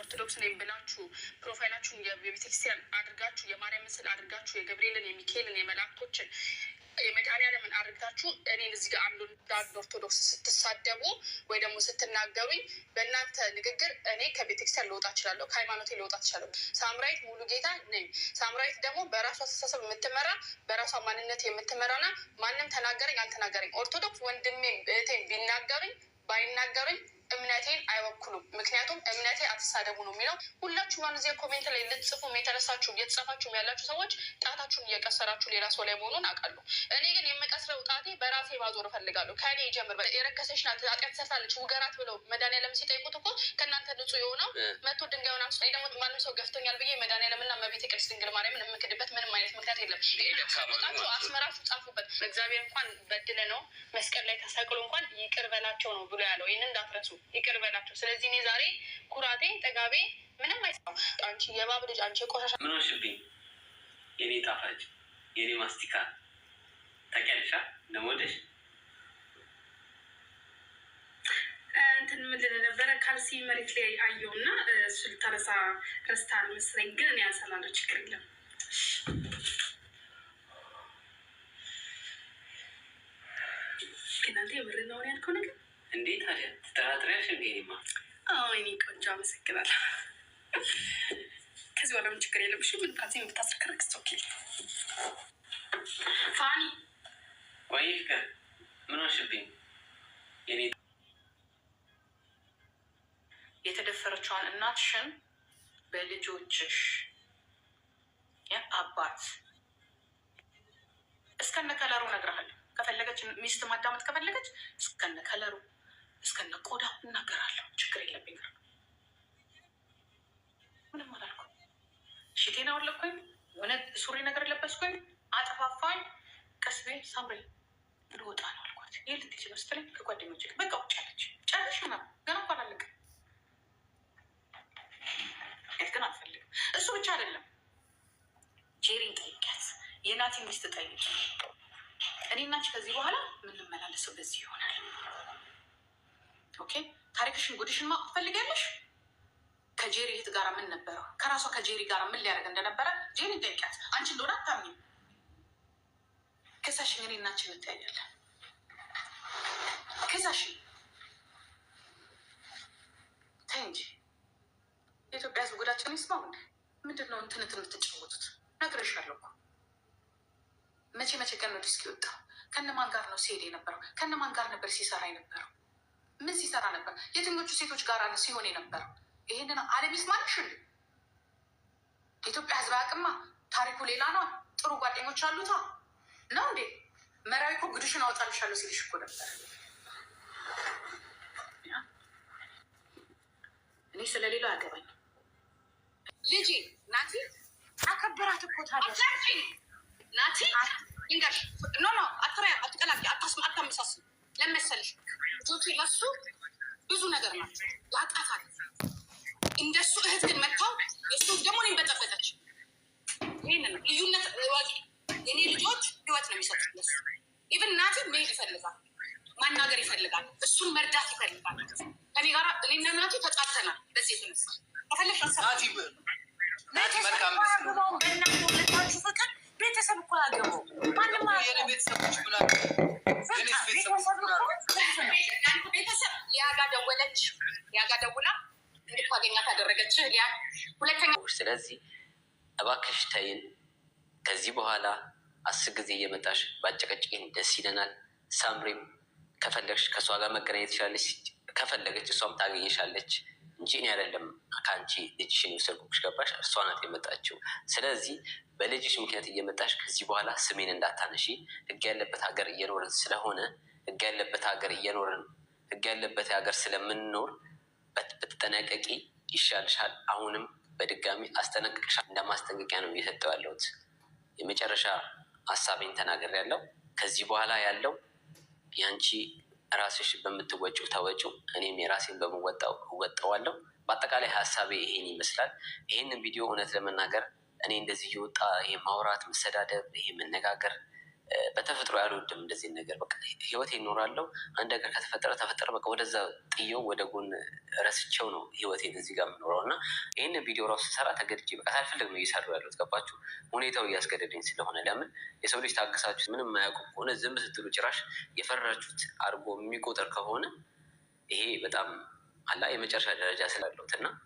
ኦርቶዶክስ ነኝ ብላችሁ ፕሮፋይላችሁን የቤተክርስቲያን አድርጋችሁ የማርያም ምስል አድርጋችሁ የገብርኤልን፣ የሚካኤልን፣ የመላእክቶችን የመድኃኒዓለምን አድርጋችሁ እኔን እዚህ ጋር አንዱ እንዳንድ ኦርቶዶክስ ስትሳደቡ ወይ ደግሞ ስትናገሩኝ በእናንተ ንግግር እኔ ከቤተክርስቲያን ልወጣ እችላለሁ፣ ከሃይማኖቴ ልወጣ እችላለሁ። ሳምራዊት ሙሉ ጌታ ነኝ። ሳምራዊት ደግሞ በራሷ አስተሳሰብ የምትመራ በራሷ ማንነት የምትመራና ማንም ተናገረኝ አልተናገረኝ ኦርቶዶክስ ወንድሜ እህቴ ቢናገሩኝ ባይናገሩኝ እምነቴን አይወክሉም። ምክንያቱም እምነቴ አትሳደቡ ነው የሚለው። ሁላችሁም አሁን እዚያ ኮሜንት ላይ ልትጽፉ የተነሳችሁ እየተጻፋችሁም ያላችሁ ሰዎች ጣታችሁን እየቀሰራችሁ ሌላ ሰው ላይ መሆኑን አውቃለሁ። እኔ ግን የምቀስረው ጣቴ በራሴ ማዞር እፈልጋለሁ። ከእኔ ጀምር የረከሰች ናት ኃጢአት ሰርታለች ውገራት ብለው መድኃኒዓለም ሲጠይቁት እኮ ከእናንተ ንጹህ የሆነው መቶ ድንጋዩን አንስቶ ደግሞ ማንም ሰው ገፍቶኛል ብዬ መድኃኒዓለምና መቤት ቅድስት ድንግል ማርያምን የምክድበት ምንም አይነት ምክንያት የለም። ጣቸው አስመራችሁ ጻፉበት። እግዚአብሔር እንኳን በድለ ነው መስቀል ላይ ተሰቅሎ እንኳን ይቅር በላቸው ነው ብሎ ያለው። ይህንን እንዳትረሱ። ይቅር በላቸው። ስለዚህ እኔ ዛሬ ኩራቴ ጠጋቤ ምንም አይሰ አንቺ የባብ ልጅ አንቺ የቆሻሻ ምን ሆንሽብኝ? የኔ ጣፋጭ የኔ ማስቲካ ታውቂያለሽ እንደምወደሽ እንትን ምንድን ነበረ ካልሲ መሬት ላይ አየው አየውና እሱ ልታነሳ ረስታ መስለኝ፣ ግን እኔ ያንሳላለ ችግር የለም እንዴት ታዲያ ተጠራጥሪያሽ? እንዴኔማ አዎ፣ እኔ ቆንጆ አመሰግናለሁ። ከዚህ በኋላ ችግር የለብሽ። ምን ካዜ የምታስረክረክ ስቶኪ ፋኒ ወይ ፍቅር ምን ሆንሽብኝ? የተደፈረችዋን እናትሽን በልጆችሽ አባት እስከነ ከለሩ ነግረሃል። ከፈለገች ሚስት ማዳመጥ ከፈለገች እስከነ ከለሩ እስከነ ቆዳው እናገራለሁ። ችግር የለብኝ። ምንም አላልኩ። ሽቴን አወለኩኝ። የሆነ ሱሪ ነገር ለበስኩኝ። አጠፋፋኝ። ቀስቤ ሳምሬ ልወጣ ነው አልኳት። ይህ ልትች መስትለኝ ከጓደኞች በቃ ውጭ ያለች ጨርሽ ና ገና እኳ አላለቅም። የት ግን አልፈልግም። እሱ ብቻ አይደለም። ጄሪን ጠይቂያት፣ የናቲ ሚስት ጠይቂ። እኔ እናች ከዚህ በኋላ ምንመላለሰው በዚህ ይሆናል። ኦኬ ታሪክሽን ጉድሽን ማወቅ ትፈልጊያለሽ? ከጄሪ እህት ጋር ምን ነበረ? ከራሷ ከጄሪ ጋር ምን ሊያደርግ እንደነበረ ጄሪ ጠይቂያት። አንቺ እንደሆነ አታምኝም። ክሳሽን እኔ እና አንቺ እንተያያለን። ክሳሽን ተይ እንጂ የኢትዮጵያ ሕዝብ ጉዳችን ይስማው እንዴ? ምንድን ነው እንትንት የምትጫወቱት? ነግሬሻለሁ እኮ መቼ መቼ ቀን ነው ዲስክ ይወጣው? ከነማን ጋር ነው ሲሄድ የነበረው? ከነማን ጋር ነበር ሲሰራ የነበረው? ምን ሲሰራ ነበር? የትኞቹ ሴቶች ጋር ሲሆን የነበረ? ይህንን ዓለም ይስማልሽ። የኢትዮጵያ ህዝብ አቅማ ታሪኩ ሌላ ነው። ጥሩ ጓደኞች አሉታ ነው እንዴ? መራዊ እኮ ጉድሽን አወጣልሻለሁ ሲልሽ እኮ ነበር። እኔ ስለሌለው አገባኝ ልጅ ናቲ አከበራት እኮ ታዲያ ናቲ ንገር ኖ ኖ አትቀላቂ አታስ አታመሳስብ ለመሰልሽ ልጆቹ ለሱ ብዙ ነገር ናቸው ያቃታል። እንደሱ እህት ግን መታው የሱ ደግሞ እኔን በጠበጠች። ይህን ነው ልዩነት ዋቂ የኔ ልጆች ህይወት ነው የሚሰጡት ለሱ ኢቨን እናቴ መሄድ ይፈልጋል፣ ማናገር ይፈልጋል፣ እሱን መርዳት ይፈልጋል። ከኔ ጋር እኔና እናቴ ተጣልተናል። በዚህ የተነሳ ከፈለሽ ሰራቲ ቤተሰብ እኮ ያገባው ማንም ቤተሰቦች ምናምን ያ ጋ ደውላ እንድታገኛት ያደረገች ሊያ ሁለተኛ። ስለዚህ እባክሽ ተይን፣ ከዚህ በኋላ አስር ጊዜ እየመጣሽ በአጨቀጭቅን ደስ ይለናል። ሳምሪም ከፈለግሽ ከእሷ ጋር መገናኘት ትችላለች፣ ከፈለገች እሷም ታገኘሻለች እንጂ እኔ አይደለም ከአንቺ ልጅሽን የወሰድኩሽ። ገባሽ? እሷ ናት የመጣችው። ስለዚህ በልጅሽ ምክንያት እየመጣሽ ከዚህ በኋላ ስሜን እንዳታነሺ። ህግ ያለበት ሀገር እየኖርን ስለሆነ ህግ ያለበት ሀገር እየኖርን ህግ ያለበት ሀገር ስለምንኖር በተጠናቀቂ ይሻልሻል። አሁንም በድጋሚ አስጠነቅቅሻ እንደ ማስጠንቀቂያ ነው እየሰጠው ያለሁት። የመጨረሻ ሀሳቤን ተናገር ያለው ከዚህ በኋላ ያለው ያንቺ ራስሽ በምትወጪው ተወጪው፣ እኔም የራሴን በምወጣው እወጣዋለሁ። በአጠቃላይ ሀሳቤ ይሄን ይመስላል። ይሄንን ቪዲዮ እውነት ለመናገር እኔ እንደዚህ እየወጣ ይሄ ማውራት፣ መሰዳደብ፣ ይሄ መነጋገር በተፈጥሮ ያልወድም እንደዚህ ነገር በቃ ህይወት ይኖራለው። አንድ ነገር ከተፈጠረ ተፈጠረ በቃ ወደዛ ጥየው ወደ ጎን ረስቸው ነው ህይወቴን እዚህ ጋር የምኖረው እና ይህን ቪዲዮ ራሱ ስሰራ ተገድጄ በቃ ሳልፈልግ ነው እየሰሩ ያሉት። ገባችሁ? ሁኔታው እያስገደደኝ ስለሆነ ለምን የሰው ልጅ ታግሳችሁ ምንም የማያውቁ ከሆነ ዝም ስትሉ ጭራሽ የፈራችሁት አድርጎ የሚቆጠር ከሆነ ይሄ በጣም አላ የመጨረሻ ደረጃ ስላለሁት እና